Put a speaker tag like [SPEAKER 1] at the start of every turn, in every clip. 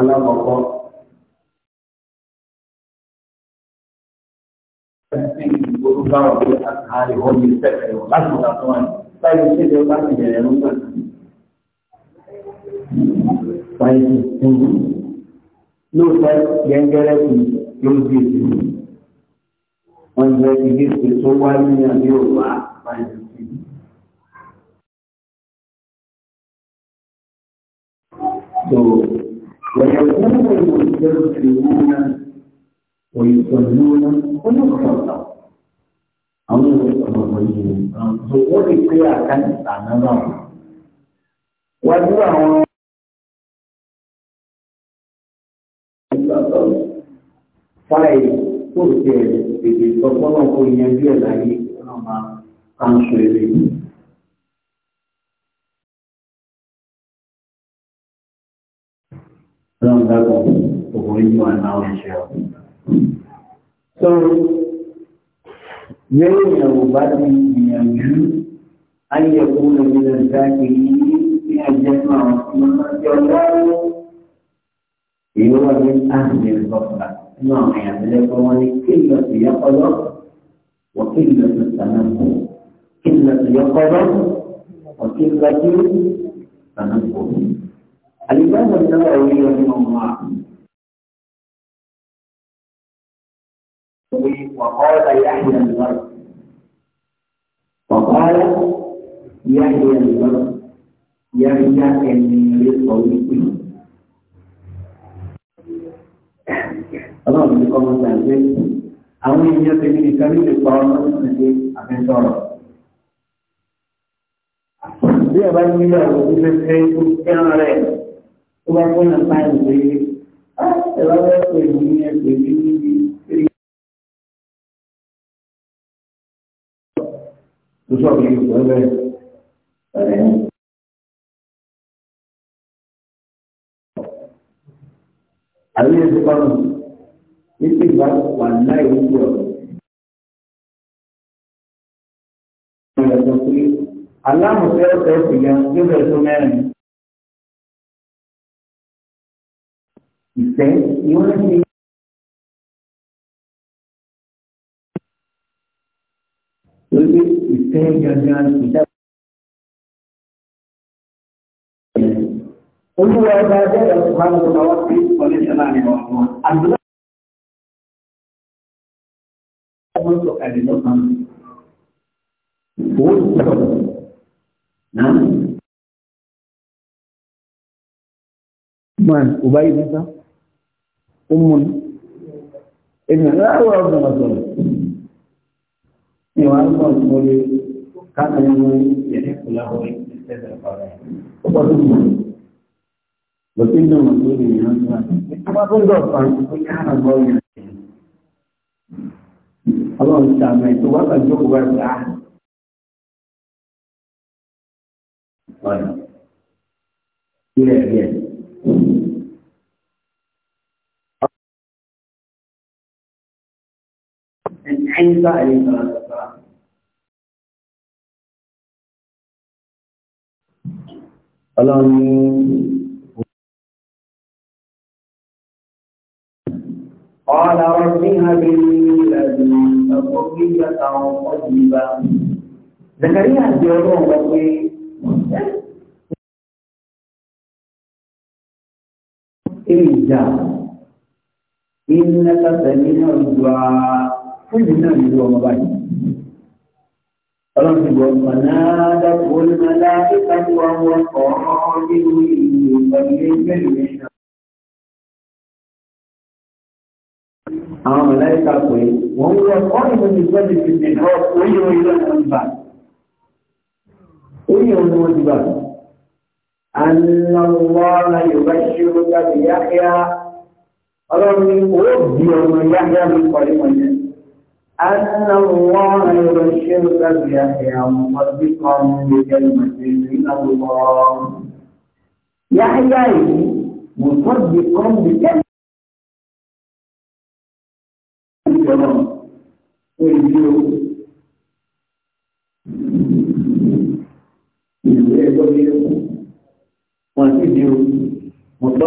[SPEAKER 1] alákọ̀ọ́kọ́. Ẹ̀sìn ìgboro bá wà pé àkàárẹ̀ wọ́n ní sẹ́fẹ̀ rọ̀ láti mọ̀ta tó wà ní. Báyìí ṣé ìjọba
[SPEAKER 2] bá ti bẹ̀rẹ̀ ẹ̀rọ náà.
[SPEAKER 1] Báyìí ṣe
[SPEAKER 2] lóòótọ́ gẹ́gẹ́rẹ́ kù yóò di èsì.
[SPEAKER 1] Wọ́n jẹ́ ìdí ìpè tó wá ní àbí òwá báyìí. So ويقول المستغفرون ويصلون ويغفر لهم àwọn ọmọ wọ̀nyí ó lè pé àkáǹtì àná náà wájú àwọn fáìlì tó tẹ èdè sọpọ́nà kò yanjú ẹ̀ láyé ọ̀nà máa kánṣu eré yìí. ذاته تخرج أنه يشاء So,
[SPEAKER 2] yau da rubati yanzu an ya kuna gidan zakiri ina jama wasu يروى من أهل البصرة نعم يملك قلة يقظة وقلة التنبه قلة يقظة
[SPEAKER 1] وقلة تنبه الإمام النووي رحمه الله وقال يحيى الغرب وقال يحيى
[SPEAKER 2] الغرب يحيى النيل طويل Ọlọ́run ní kọ́mọ́ sí àgbẹ̀ àwọn ènìyàn tẹ̀lé nìkan ní lè pa ọmọ sí ṣe àfẹ́sọ̀rọ̀.
[SPEAKER 1] Bí ẹ bá ní ilé ọ̀rọ̀ tó fẹ́ fẹ́ tó fẹ́ràn rẹ̀. tó bá fọ́nà táìmù pé ah, ẹ̀rọ ẹ̀pẹ̀ mi ní ẹ̀pẹ̀ mi níbi eré. tó sọ pé kò ẹ bẹ́ẹ̀. àbí ẹ̀sìn kan nípa ìgbà wà láì wúwo ọ̀rọ̀. Aláàmù fẹ́ ọ̀sẹ̀ ìgbà tó bẹ̀rẹ̀ tó mẹ́rin. ìfẹ́ ni wọ́n ti lórí ìfẹ́ gangan ìdá. Olúwa ọba Adéyọ̀ Sùpàlù ọba wá sí Kọ́lẹ́ṣọ́lá ni ọ̀gbọ́n. Àdúrà ọmọ sọ̀kalẹ̀ lọ́kàn. Owó sọ̀rọ̀ náà. Man, Ubay Musa umun èmi aláwọ̀ ọ̀gbọ̀n ọ̀gbọ̀n
[SPEAKER 2] ni wọ́n á gbọ́n tó lé káàkiri ní yẹ̀rẹ́ kùláwọ̀ ìṣẹ̀lẹ̀ ọ̀rẹ́ ó bọ́ tó mọ̀ lọ́sí náà wọ́n tó lè yàn
[SPEAKER 1] án tó wà tó ń dọ̀ fà ń pé عيسى عليه الصلاة والسلام قال رب هب لي لدنك ذرية طيبة زكريا جاوبه إرجع إنك سميع الدعاء fún ìlú náà
[SPEAKER 2] nílò ọmọ báyìí. Ọlọ́run ti gbọ́ Fànàdà Olùmọ̀lá
[SPEAKER 1] ìtàkùn àwọn ọkọ̀ nínú ìlú ìpàdé mẹ́rin náà. Àwọn mọ̀láìkà pé wọ́n wọ ọ́nà ìgbẹ́ni ti ti rọ orí orí lọ́nà ìbà. Orí
[SPEAKER 2] ọmọ ìbà. Ànàwọ́ Yorùbá ṣe ó jáde yáyá. Ọlọ́run ni ó bí ọmọ yáyá mi kọ́ ní wọ̀nyẹn. أن الله يبشرك بيحيى مصدقا بكلمة
[SPEAKER 1] من الله يحيى مصدقا بكلمة مصدقا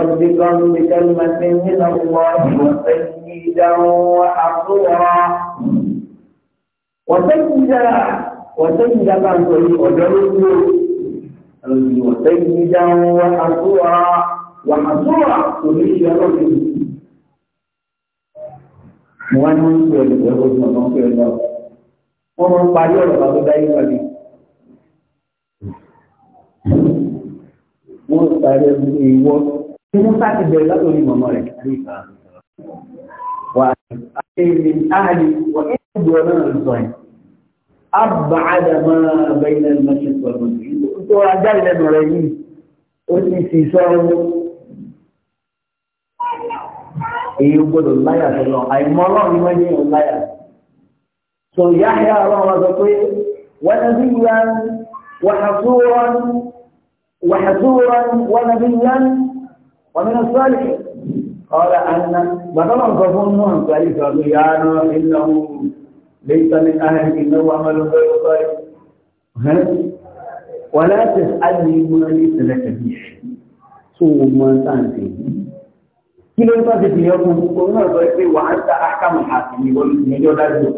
[SPEAKER 2] بكلمة من الله وسيدا وحصورا ọ̀tẹ́yìndà ọ̀tẹ́yìndà bá ń sọ yìí ọ̀dọ́ ló dúró ọ̀tẹ́yìndà wà àtúwà wà àtúwà kò ní ṣe ọlọ́dún yìí. mo wá ní oṣù ẹ̀dùn ẹ̀kọ́ tí wọ́n fẹ́ lọ. wọ́n máa ń parí ọ̀rọ̀ bàbá dáyé pàdé. wọ́n parí ẹ̀dùn ìwọ́ tí wọ́n sá ti bẹ̀rẹ̀ látòrí mọ̀mọ́ rẹ̀ wà á ṣe ìrìn wọ́n ń gbọ́ náà lọ́sọ̀ọ́ أبعد ما بين المسجد والمسجد وأدل نريد أني في صوم يقول الله يا الله أي مرام يمني الله يا سو يحيى الله وزقوي ونبيا وحصورا وحصورا ونبيا ومن الصالح قال أن ما طبعا قفون مهم قال يا نور إنه ليس من أهلك إنه عمل غير صالح ولا تسألني ما ليس لك به ثم تنتهي kí ló ń tọ́jú ti yọ fún gbogbo náà sọ pé wà á ta ákàmù àti ìwọlù ìjọ dájú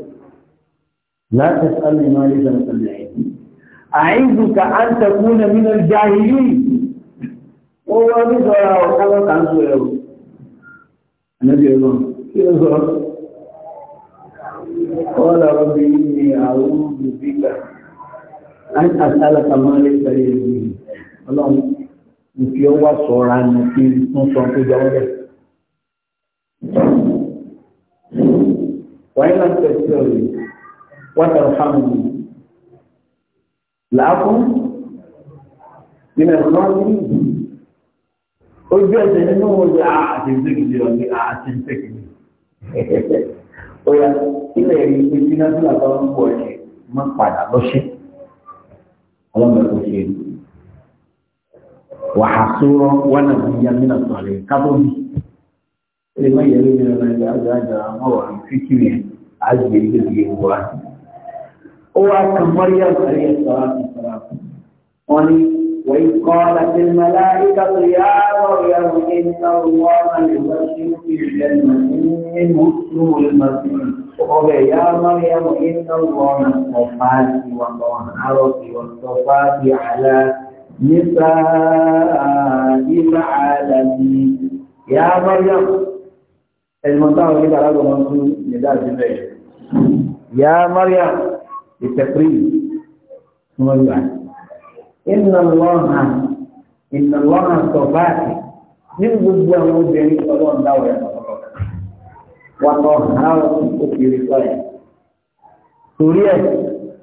[SPEAKER 2] láti sálẹ̀ máa lè sọ̀rọ̀ sọ̀rọ̀ ẹ̀yìn àìzù ka á ń tẹ̀kú na mí lọ́ọ́ já ìlú ó wọ́n bí sọ̀rọ̀ ọ̀ká lọ́ka ń sọ̀rọ̀ ẹ̀rọ ànábì ẹ̀rọ kí ló sọ̀rọ̀ قال رب إني أعوذ بك أن أسألك ما ليس لي به ọlọ́run ìfi ọwọ́ sọ̀ra ní kí n sọ tó jọ ọ́lẹ̀. wàá yẹn láti tẹ̀sí ọ̀rẹ́ wọ́n tẹ̀rọ fáwọn mi. làákùn nínú ẹ̀rọ ní ojú ẹ̀sẹ̀ nínú wọn yà á àti ìṣèkìlì ọ̀gbìn àti ìṣèkìlì. ó ilẹ̀ rí pé tí náfìlà bá ń bọ̀ ẹ̀ má padà lọ́ṣẹ́ ọlọ́mọ ẹ̀kọ́ ṣe é wàhásúrọ̀ wọn àti yamina sọ̀rọ̀ kábọ̀mí ilé má yẹ lórí ọ̀nà ìgbà àjọ àjọ àmọ́ wà ní wà. ó wá kan sọ̀rọ̀ yẹn sọ̀rọ̀ àti sọ̀rọ̀ àti wọn الملائكة يا مريم إن الله يبشرك بكلمة منه مسلم المسيح ọbẹ̀ ya mọ́ríyàmù iná lọ́nà ọ̀fà ti wà lọ́nà àrọ̀ ti wà ya mọ́ríyàmù ẹ̀lmọ̀táwọn nígbà alágbọ̀mọ́ tún nígbà sílẹ̀ ya mọ́ríyàmù ìtẹ̀kùrí wọ́n yà iná lọ́nà iná lọ́nà sọ́fà ti ní gbogbo àwọn obìnrin ọlọ́run wàtọ̀ àárọ̀ ó fi rí sọ́rẹ̀. Torí ẹ̀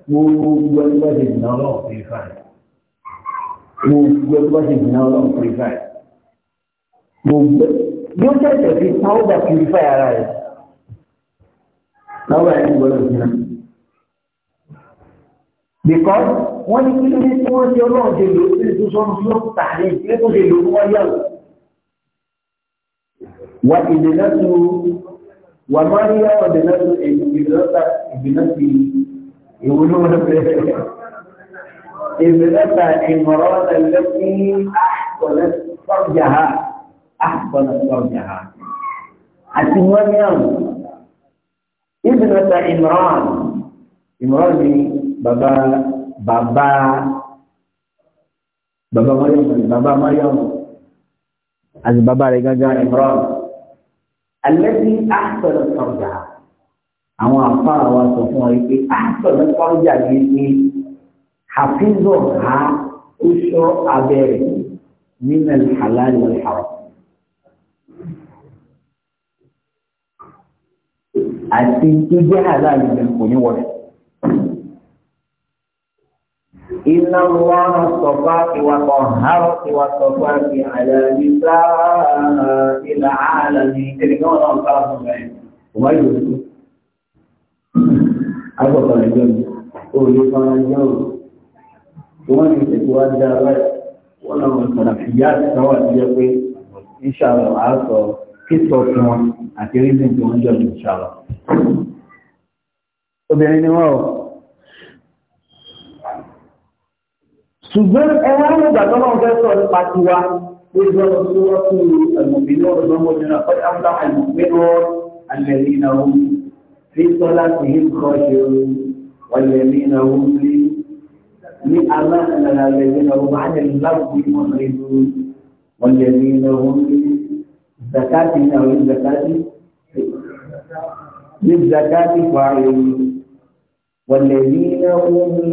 [SPEAKER 2] gbogbo ẹgbẹ́ ti dìnnà ọlọ́run fi rí fáì. Gbogbo ẹgbẹ́ ti dìnnà ọlọ́run fi rí fáì. Gbogbo yóò tẹ̀sẹ̀ fi pàwọ́dà fi rí ara rẹ̀. Láwọn ẹni gbọ́dọ̀ sí náà. Because wọ́n ní kí ló ní tí wọ́n ti ọlọ́run ṣe lò ó sí ìtúsọ́nù tí ó tààrí ìdílé tó ṣe lò ó wọ́n وما هي بنفسه بنفسه يقولون ابنة عمران التي أحسنت فرجها أحسنت فرجها àti mọ́ríàm ìbìnàta imran imran ni bàbá bàbá bàbá mọ́ríàm àti bàbá mọ́ríàm àti bàbá rẹ̀ gángan imran alẹ́bí àtọ̀rọ̀ sọ̀jà àwọn afárá wa sọ fún wa yìí pé àtọ̀rọ̀ sọ̀jà ni pé àfihàn ha ó ṣọ́ abẹ́rẹ́ nínú halal wal àti tó jẹ́ halal kò ní wọlé. إن الله اصطفاك وطهرك واصطفاك على نساء العالمين تلقون أنصار الله ويوسف أبو طالب أولي طالب ومن يتوالى ذلك ولو السلفيات سواء يقول إن شاء الله عاصر kíso fún wọn àti rí ní ìjọ ń jọ ìṣàlọ. obìnrin ni wọ́n ṣùgbọ́n ẹwà ń gbà tọ́lọ́ fẹ́ sọ nípa tiwa lójú ọ̀rọ̀ tí wọ́n kú ẹ̀mọ̀bìnrin ọ̀rọ̀ lọ́mọdúnrún àkọ́jà ń bá ẹ̀mọ̀bìnrin ọ̀rọ̀ alẹ́rìnà òun fi tọ́lá sí i kọ́ ṣe òun wàlẹ́rìnà òun ní aláàlá alẹ́rìnà òun á ní àwọn ní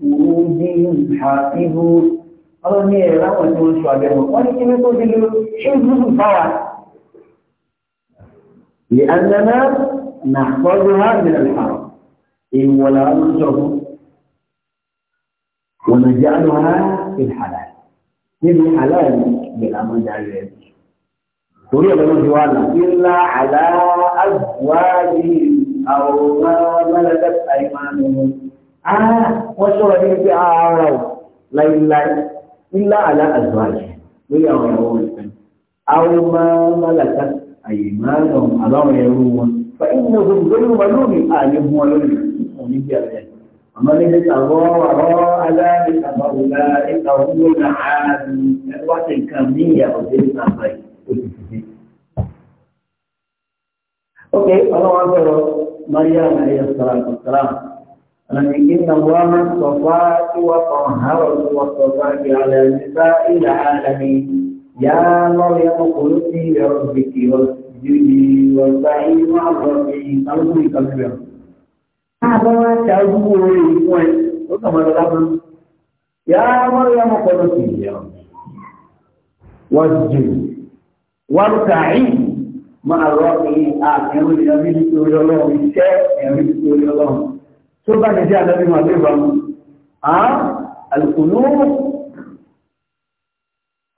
[SPEAKER 2] furujihim hafizun ọlọ́ ní ẹ̀rọ láwọn tí wọ́n ṣọ àbẹ̀wò
[SPEAKER 1] wọ́n ní kíní tó délé ṣé gbúdù báwa.
[SPEAKER 2] lè anana nà fọ́jú ha mìíràn fà èèwọ̀ làwọn ń sọ fún wọn lè jẹ́ àlọ́ ha Ah, wọ́n ṣọ́rọ̀ ní pé ah, ara ò láìláì nílá àlá àzọ́ àjẹ́ lórí àwọn ìyàwó rẹ̀ àwọn máa málàkà àyè máa lọ àbáwọn ẹrú wọn fa ìnà òun lórí wọn lórí àní mú wọn lórí òní bí ẹ̀rẹ́ àmọ́ ní bí sàrọ́ àrọ́ aláàbí sàbáwò láà ẹ̀ka owó náà ààbí ẹwà tẹ̀ nǹkan ní ìyàwó tẹ̀ ní sàbá yìí ó ti ti dé. ok ọlọ́wọ́n sọ̀rọ̀ ولكن الله اصطفاك وطهرك واصطفاك على نساء العالمين يا مريم اقنتي لربك واسجدي واركعي مع الركعين ارجوك الكبير هذا تعبوا وين يا مريم اقنتي لربك واسجدي واركعي مع الركعين اعتمد الى ملك ولله الشيخ يا ملك ولله ثم جاء النبي وقال القنوت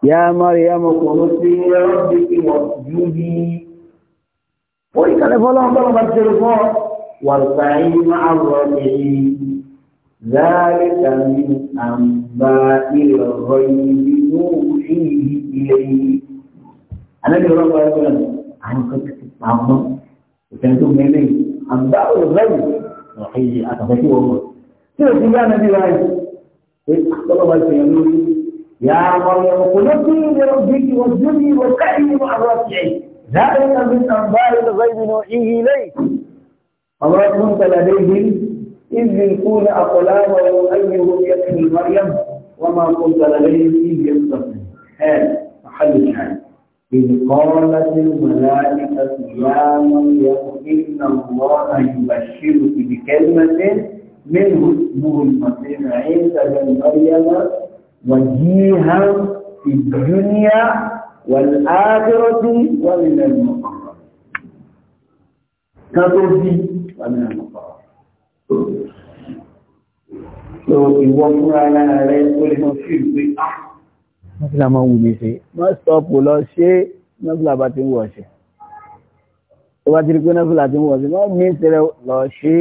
[SPEAKER 2] يا مريم قنوتي يا ربك واسجدي ولكن فلان طلب التلفون واركعي مع الراكعين ذلك من انباء الغيب نوحيه اليه انا اللي رب العالمين انا كنت في الطعام وكان يقول انباء الغيب ọ̀hìn àtàkùn wọn mọ̀. tí o ti yá nàbí wa yìí pé àtọ́lọ́wọ́ ti yẹn lórí yà á mọ ẹ̀rọ kò ló bí ìrẹ̀rọ bí kí wọ́n jó bí wọ́n káyé ní wọn àrọ́ tiẹ̀. láàrin tàbí tàǹbá ìlú báyìí nù ìhì lẹ́yìn. ọ̀rọ̀ tó ń tẹ̀lé lẹ́yìn ìdí kún àkọlá wọn ayé wọn yẹ kí ni mariam wọn máa kó tẹ̀lé lẹ́yìn ìdí ẹ̀ إذ قالت الملائكة يا مريم إن الله يبشرك بكلمة منه اسمه المسيح عيسى بن مريم وجيها في الدنيا والآخرة ومن
[SPEAKER 1] المقرب
[SPEAKER 2] كتبي ومن المقرب So ìwọ fúnra lára rẹ̀ ó mọ́sílá máa wù mí ṣe mọ́sítọ́pù lọ ṣe mọ́sílá bá ti ń wọ̀ ṣe tó bá ti rí pé mọ́sílá ti ń wọ̀ ṣe mọ́ mí tẹ́rẹ lọ ṣe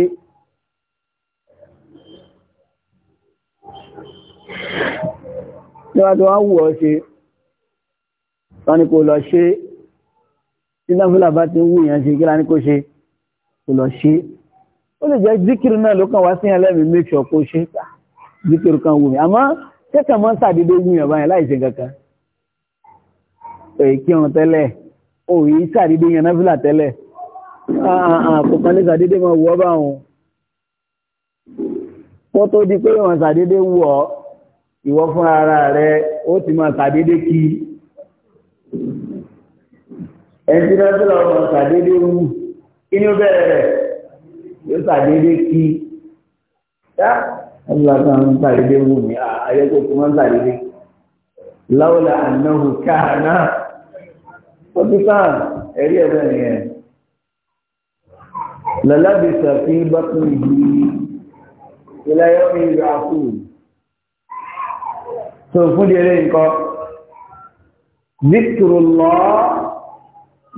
[SPEAKER 2] tó bá ti wá wù ọ ṣe wọ́n ni kò lọ ṣe tí mọ́sílá bá ti ń wù yẹn ṣe kí lá ṣe kò lọ ṣe ó lè jẹ́ zikiri náà ló kàn wá sí ẹlẹ́mìí make sure ṣe zikiri kan wù mí àmọ́ tẹ́kàn mọ́ sàdédé gún yàn báyìí láìṣe kankan èyí kí wọn tẹ́lẹ̀ òyí sàdédé yàn náfìlà tẹ́lẹ̀ àkókan lè sàdédé mọ́ wọ́ bá wọn wọ́n tó di pé wọn sàdédé wọ̀ ìwọ fún ara rẹ̀ ó ti máa sàdédé kí ẹni náfìlà ọmọ sàdédé wù kí ni ó bẹ̀rẹ̀ rẹ̀ yóò sàdédé kí ẹgbẹ́ kan ń tàdédé wù mí ayẹ́kọ̀ọ́ kí wọ́n ń tàdédé láwùlà ànáhù káàná pọ́tíkàn ẹ̀rí ẹ̀fẹ́ nìyẹn lọ́lábì sàfí bákan yìí ìlàyọ̀ mi ìlú àkú tó fún délé nǹkan zikrullah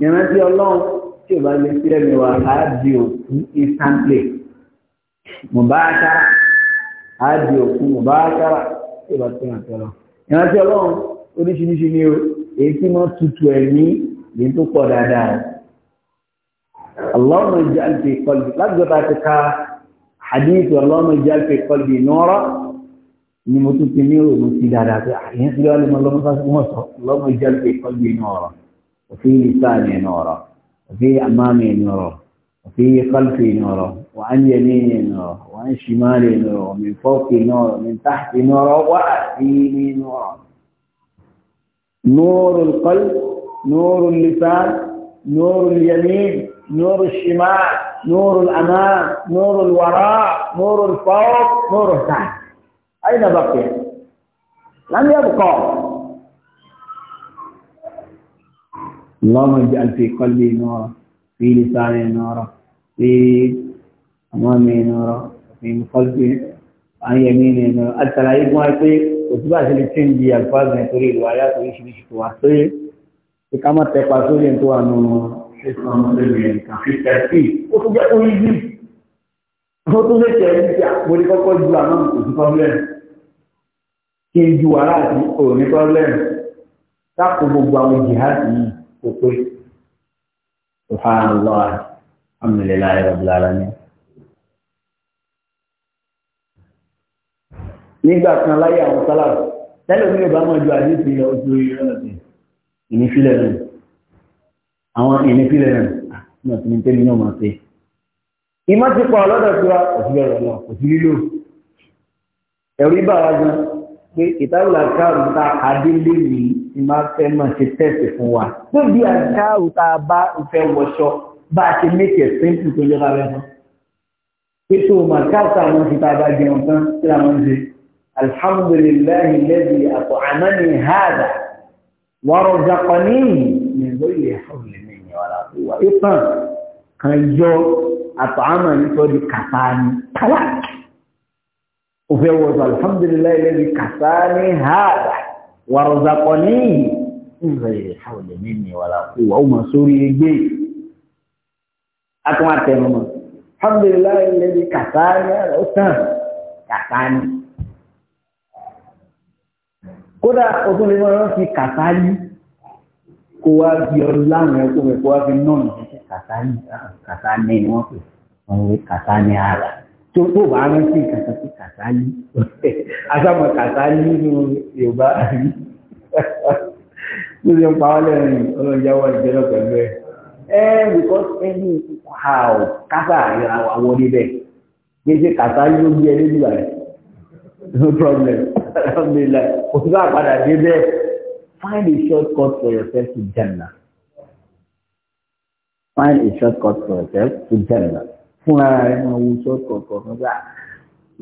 [SPEAKER 2] ìrántí ọlọ́run tí ò lè sílẹ̀ mi wà á di òkú instantly mo bá a ká á di òkú bá kára tí ìbá tó ràn tọ́lọ. ìrántí ọlọ́run oríṣiríṣi ni o èyí tí wọ́n tutù ẹ̀mí lè tó pọ̀ dáadáa. اللهم اجعل في قلبي لا تقطعك حديث اللهم اجعل في قلبي نورا ni mo tún ti ní òòrùn sí dáadáa pé àyẹn ah, ti lọ́wọ́ lọ́mọ lọ́mọ sáfẹ́ wọ́n sọ lọ́mọ ìjẹ́ pé kọ́lù iná ọ̀rọ̀ òfin ìlísà ni ẹ̀nà وفي قلبي نوره وعن يميني نوره وعن شمالي نوره ومن فوقي نوره ومن تحتي نوره وأتيني نوره نور القلب نور اللسان نور اليمين نور الشمال نور الأمام نور الوراء نور الفوق نور الثاني أين بقي لم يبقى اللهم اجعل في قلبي نورا في لسانه نورا في أمامه نورا في خلفه عن يمينه نورا التلاعيب ما يطيق وتبقى سلسين دي ألفاظ ما تريد وآيات ويشريش تواصل كما تقاصل ينتوى أنه حسن مسلمين كان في الترتيب
[SPEAKER 1] وتبقى أولي
[SPEAKER 2] ó tún lè tẹ̀ ní pé mo ní kọ́kọ́ ju àná kò sí pọ́blẹ́mù kí n ju wàhálà sí òní pọ́blẹ́mù sáàkó gbogbo àwọn jìhádì yìí kò pé subhanallah alhamdulillahi rabbil alamin. nígbà kan láyé àwọn sálàbù tẹ́lẹ̀ mi ò bá mọ̀ ju àdéhùn ilẹ̀ oṣù ìrọ̀lẹ́ ìnífílẹ̀ náà àwọn ìnífílẹ̀ náà náà ah, ti ní tẹ́lẹ̀ náà máa ṣe. ìmọ̀ ti pa ọlọ́dọ̀ tí wa kò sí bẹ̀rẹ̀ náà kò sí lílò ẹ̀rú ibà wa gan pé ìtàlù àkàrùn ta adélé nìyí ìmá fẹ́ mọ̀ ṣe tẹ́sì fún wa. Lóbi àṣà òta bá ìfẹ́ wọṣọ bá a ṣe mékè sínkù tó lọ́ra rẹ̀ hàn. Ètò màkàtà àwọn ti tàbá jẹun tán tí a máa ń ṣe. Alhamdulillahi lẹ́bi àpò àná ni hàdà. Wọ́rọ̀ zakọ ní ìyìn ní lóye ẹ̀fọ́n lè ní ìyẹn wàrà wà. Ìtàn kan yọ àpò àmà nítorí kàtà ni. Kàlá! Òfẹ́ wọ̀ṣọ̀ alhamdulillahi lẹ́bi kàtà ni hàdà warzaqani ìrẹ̀ hawla minni wala quwwa ó mọ̀ sórí egbé akọ́mà tẹnu mọ́ alhamdulillah alladhi kàtàní ó tàn kàtàní kódà òtún lè wọ́n fi kàtàní kó wá bí ọdún láwọn ẹ̀kọ́ rẹ̀ kó wá fi náà ní kàtàní kàtàní ni wọ́n pè wọ́n wí kàtàní ara tó tó bá rántí kàtà sí kàtàlí asámọ kàtàlí nínú yorùbá àrí ló ṣe ń pa ọ́ lẹ́rìn ọlọ́jáwọ́ ìjẹ́lọ pẹ̀lú ẹ̀ ẹ́ because ẹni how kásá ìra àwọn níbẹ̀ gbèsè kàtàlí ló gbé ẹni jùlọ rẹ̀ no problem alhamdulilah kò sí bá dé bẹ́ẹ̀ find a short cut for yourself to Jannah find a short cut for yourself to Jannah fúnra rẹ̀ máa wo sọ́ọ̀tì ọ̀tọ̀ nígbà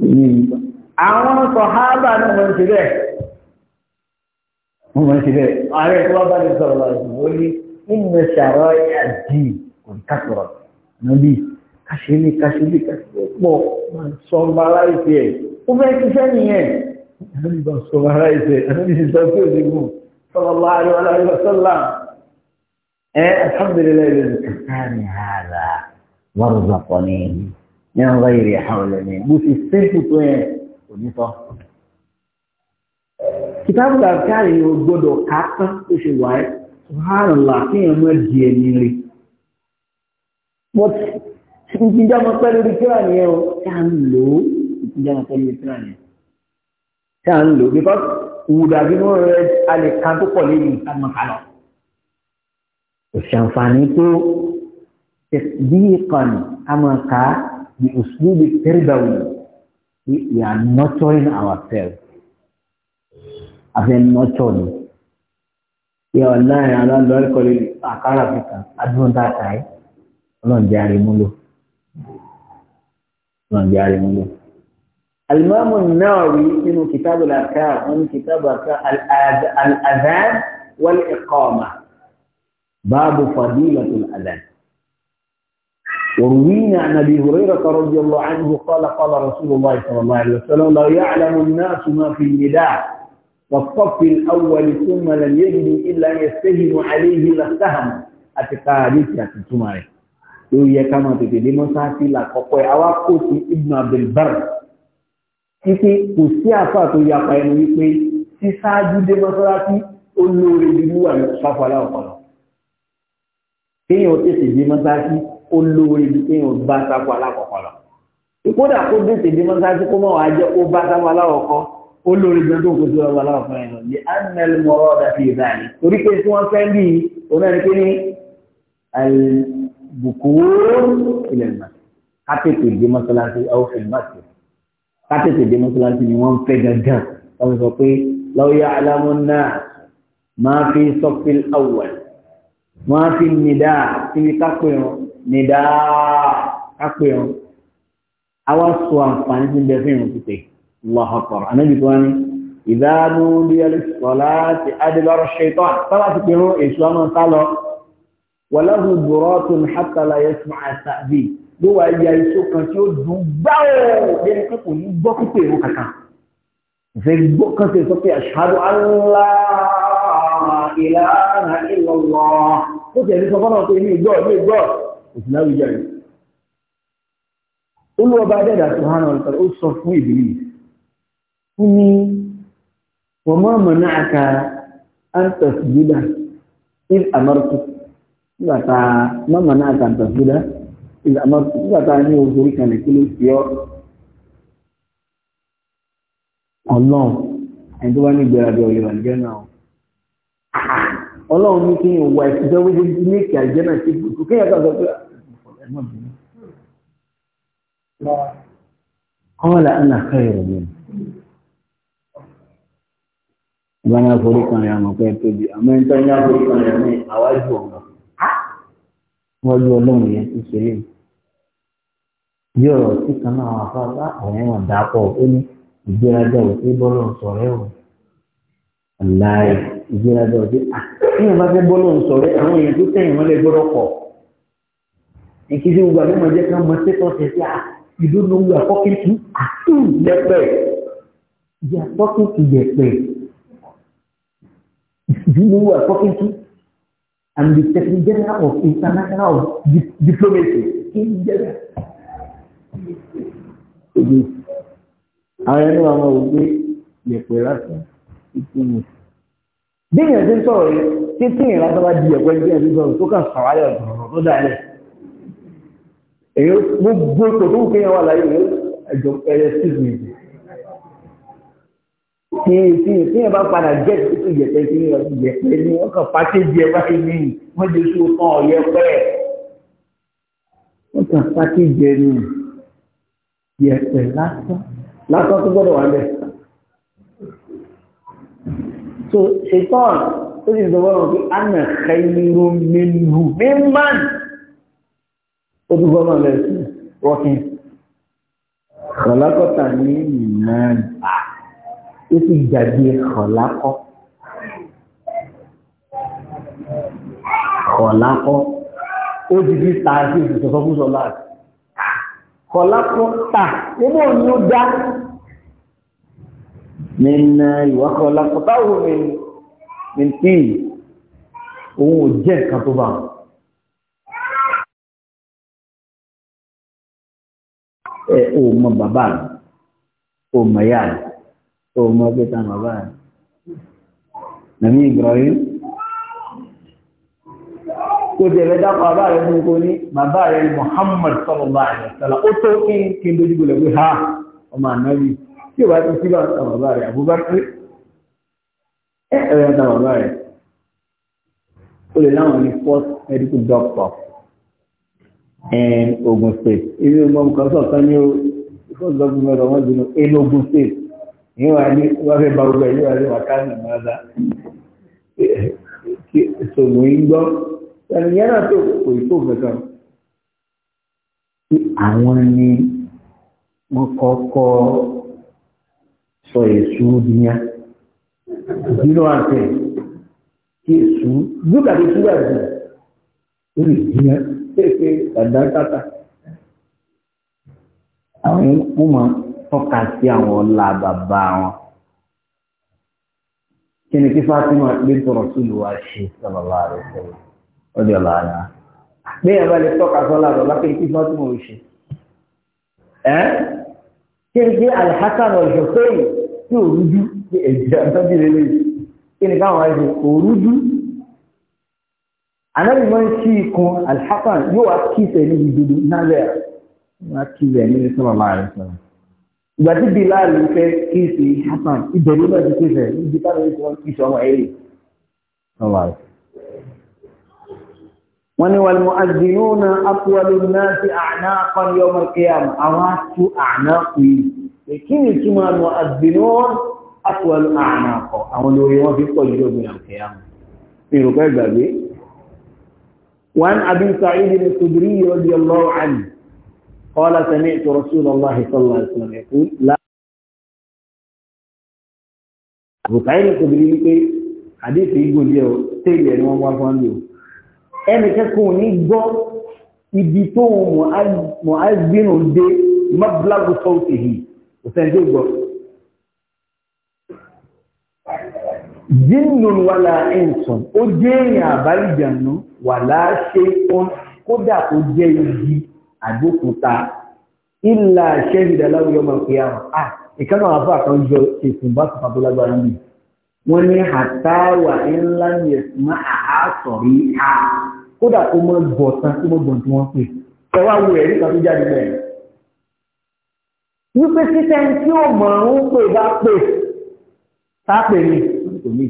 [SPEAKER 2] èyí nígbà. àwọn sọ̀hábà náà wọ́n ti bẹ́ẹ̀ wọ́n ti bẹ́ẹ̀ ààrẹ tó wá bá lè sọ̀rọ̀ lọ́wọ́ ìgbà ó ní nínú ṣàrọ̀ àdì kò ní kásọ̀rọ̀ níbi kásílì kásílì kásílì pọ̀ máa sọ bàrà ìfẹ́ ẹ̀ ó fẹ́ ṣiṣẹ́ nìyẹn àdúgbò sọ bàrà ìfẹ́ àdúgbò sọ pé òdìgbò sọlọ́lá àríwá àríwá sọlá ẹ alhamdulilayi lè kàkà ní ààrà warzuqni min ghairi hawla min bó ti sẹ́ńtù tó yẹ kò ní sọ. kìtàbù làkàrí o gbọ́dọ̀ ká tán tó ṣe wà ẹ́ subhanallah kí èèyàn mọ̀ di ẹni rí. ìpínjà mọ pẹ́ lórí kíra nìyẹn o ká ń lò ó ìpínjà mọ pẹ́ lórí kíra nìyẹn ká ń lò ó because ìwùdàbí wọn rẹ alẹ́ kan tó pọ̀ lẹ́yìn ìtàgbọ̀n kalọ̀.
[SPEAKER 1] òṣàǹfààní
[SPEAKER 2] tó tasdiqan amaka bi uslubi tarbawi we are nurturing ourselves afẹ́ nurture ni yẹ ọ̀láyìn alálọ́ọ̀kọ́lẹ́ àkàrà fìkà adúntà káì ọlọ́njẹ́ àrímúlò ọlọ́njẹ́ àrímúlò alimami Nawawi nínú kitabu laka wọn ní kitabu laka al-adhan wal-iqama báàbù fadilatul adhan وروينا عن ابي هريره رضي الله عنه قال قال رسول الله صلى الله عليه وسلم لو يعلم الناس ما في النداء والصف الاول ثم لم يجد الا يستهن عليه لاستهم اتقاليك تتماري yóò yẹ ká máa tètè dé mọ́sáàsì làkọ́kọ́ ẹ̀ àwa kò sí ibn abdulbar títí kò sí àfà tó yapa ẹnu wípé sísáájú dé mọ́sáàsì ó lóore bí wúwà ní sáfàlà ọ̀pọ̀lọ́ kéèyàn tètè dé mọ́sáàsì olórí ibi tí yóò bá sáfù alákọ̀ọ́kọ́ lọ. ìkódà kó dèsè dé mọ́sáájú kó mọ̀ wá jẹ́ ó bá sáfù alákọ̀ọ́kọ́ olórí ibi tó kó sí ọba alákọ̀ọ́kọ́ yẹn lọ. the animal moral that is that torí pé tí wọ́n fẹ́ bí òun náà ní pé ní àìbùkú ilẹ̀ mọ̀ kátètè dé mọ́sáláṣí ọ̀fìn mọ́sí kátètè dé mọ́sáláṣí ni wọ́n fẹ́ gangan wọ́n sọ pé nìdá kápẹ́ ọ̀ àwa sọ àǹfààní tí ń bẹ fún ìrùn pípé lọ́hàkọ̀rọ̀ ànábì tó wá ní ìdánú bí alẹ́sọ̀lá ti adébárò ṣetán sábà ti pinnu èso àmọ́ sá lọ wàláhùn bùrọ́tún hátàlá yẹsùn àtàbí ló wà ya iṣó kan tí ó dùn gbáwò bí ẹni pé kò ní gbọ́ pípé ìrún kankan ìsìláwì jẹ́ rẹ̀. olúwọba dẹ́dà subhanahu wa ta'ala ó sọ fún Iblis fún ní wa ma mana'aka an tasjuda id amartu nígbà tá ma mana'aka an tasjuda id amartu nígbà tá ní oṣù orí kan kí ló fi ọ́ ọlọ́run ẹni tó bá ní ìgbéra ọlọ́run ní kí n wà ìṣẹ́ wíjẹ́ ní èkì àìjẹ́ náà
[SPEAKER 1] ṣe gbòòtú kí ẹ̀ka sọ pé
[SPEAKER 2] kọ́ọ̀lá ẹ̀nà kẹ́rù mi. ìgbà náà forí kan rẹ̀ àmọ́ pé tóbi àmọ́ ẹ̀ńtọ́ ní àforí kan rẹ̀ ní àwájú ọ̀nà wọ́n lu ọlọ́run yẹn tó ṣe lé bí ọ̀rọ̀ tí kan náà wà fún ọlá ọ̀rẹ́ wọn dàpọ̀ ó ní ìgbéraga òfin bọ́lọ̀ sọ̀rẹ́ ò láì ìgbéraga ọ̀dẹ́ ẹ̀yìn bá fẹ́ bọ́lọ̀ ń sọ̀rọ̀ àwọn èèyàn tó tẹ̀yìn mọ́lẹ̀ gbọ́dọ̀ pọ̀ ìkíni gbogbo àlẹ́ mọ̀jẹ́ ká mọ sẹ́kọ̀ọ́ tẹ̀sí à ìdúró gbogbo àkọ́kí tù àtù lẹ́pẹ̀ ìyá àkọ́kí tù yẹ̀pẹ̀ ìdúró gbogbo àkọ́kí tù and the secretary general of international diplomacy in general. àwọn ẹni wọn máa wò pé yẹ̀pẹ̀ lásán ìkíni bí èèyàn ti ń sọ̀rọ̀ yìí tí tí ìrìn láti bá di ẹ̀kọ́ ẹgbẹ́ ẹ̀sìn sọ̀rọ̀ tó kàn sàwárẹ̀ ọ̀rọ̀ tó dáadẹ̀ èyí gbogbo ipò tó kí wà láyé ẹjọ́ ẹyẹ sísù ìdí tí tí tí yẹn bá padà jẹ́ títí ìjẹ̀pẹ́ tí yẹn ti jẹ̀pẹ́ ní wọ́n kàn pákéjì ẹ bá ní wọ́n jẹ́ sí ọkàn ọ̀yẹ́ pẹ́ wọ́n kàn pákéjì ẹ ní yẹ̀pẹ́ lásán lásán tó gbọ́dọ̀ wà bẹ́ẹ̀ so ṣetán ó sì sọ́wọ́ rọ̀ pé anà kẹ́lẹ́rọ mẹ́lú mẹ́mán ó tún gbọ́nà rẹ̀ sí rọ́kìn kọ̀lákọ́ta ní ìmọ̀ràn ó ah, sì jàdí kọ̀lákọ́
[SPEAKER 1] kọ̀lákọ́
[SPEAKER 2] ó ti fi tààtì ìsọ̀sọ́fúnṣọ́ láti ah, ah, ó mọ̀ ní ó dá nínú ìwọ́kọ̀ lápọ̀táwò
[SPEAKER 1] mi ní tí òun ò jẹ́ nǹkan tó bá wọn. ẹ ò mọ bàbá rẹ ò mọ ìyá
[SPEAKER 2] Ibrahim kò tẹ̀lé dákọ̀ bàbá rẹ fún kò ní bàbá rẹ Muhammad sallallahu alaihi wasallam ó tó kí n kí dojú gbọlẹ̀ ha ọmọ ànábì tí o bá ti síbà ń ta bàbá rẹ̀ àbúbá pé ẹ ẹ̀rẹ̀ ń ta bàbá rẹ̀ o lè láwọn ní first medical doctor in Ogun State ilé ọgbọ́n kan sọ̀kan ní o first doctor mẹ́ta wọ́n dùn ní Ogun State ní wàá ní wàá fẹ́ ba gbogbo ẹ̀yìn wàá ní wàá kánú mọ́ta sọ̀mù ń gbọ́ ẹnìyẹn náà tó kò tó kankan àwọn ni wọ́n kọ́kọ́ sọ èṣù nìyẹn ìdílé wa ṣe kí èṣù gbúgbà tí èṣù wà jù ó lè nìyẹn pépé dàda tata àwọn ó mọ tọ́ka sí àwọn ọlá bàbá wọn kí ni kí Fatima gbé tọrọ sí ìlú wa ṣe sábàbà rẹ sọlá ọdẹ ọlá yàrá bí ẹ bá lè tọ́ka sọ́lá rẹ̀ lápẹ́ kí Fatima ò ṣe kí ni kí Al-Hasan wal-Husayn tí ò rújú pé ẹ̀jẹ̀ àtọ́jú lélẹ̀ kí ni káwọn ẹ̀jẹ̀ kò rújú. Ànábì kí ikun alhassan yóò wá kí ìfẹ́ ní ìdodo náírà wá kí ìfẹ́ ní sọ́mọ́ máa rẹ̀ sọ́mọ́. Ìgbà tí Bilal fẹ́ kí ìfẹ́ Hassan ìbẹ̀rù náà ti kí ìfẹ́ níbi táwọn ìfẹ́ wọn kí ìfẹ́ ọmọ ẹ̀rì sọ́mọ́ máa wọ́n ní wal-mu'adhdhinūna atwalu n-nāsi a'nāqan yawm al-qiyāmah àwọn á tú àná kù yìí kí ni túmọ̀ àná àgbìnú àtúwàlú àrùn àkọ́ àwọn olórí wọn fi pọ̀ jù ọgbìn àkẹ́yà ìrùkọ́ ìgbàgbé وعن
[SPEAKER 1] أبي سعيد الخدري رضي الله عنه قال سمعت رسول الله صلى الله عليه وسلم يقول لا Bùkáyì ní kòbìrì ní pé àdéhùn díẹ̀ ó ẹni wọ́n wá fún mi o. Ẹnì ní
[SPEAKER 2] gbọ́ ibi tó mọ̀ á gbínú dé mọ́bíláàgù sọ́ọ̀tì yìí kò sẹ́ni tó gbọ́. jinnun wàlá ẹ̀ǹsọ̀n ó jẹ́ èèyàn àbálìjànú wàlá ṣe òun kódà ó jẹ́ igi àdókúta ìlà ṣẹ́yìndà láwùjọ máa fi àwọn à ìkànnì àwọn afọ àkànjọ ètùn bá tuntun tó lágbára nìyí wọ́n ní àtàwà ńlá ní ẹ̀sùnmá àásọ̀rí ha kódà kó mọ́ bọ̀ tán kó mọ́ bọ̀ tí wọ́n pè ẹwà wo ẹ̀rí tó jáde bẹ́ẹ̀ wípé títẹ́ tí ó mọ̀ ń pè bá pè tápè ní kò ní.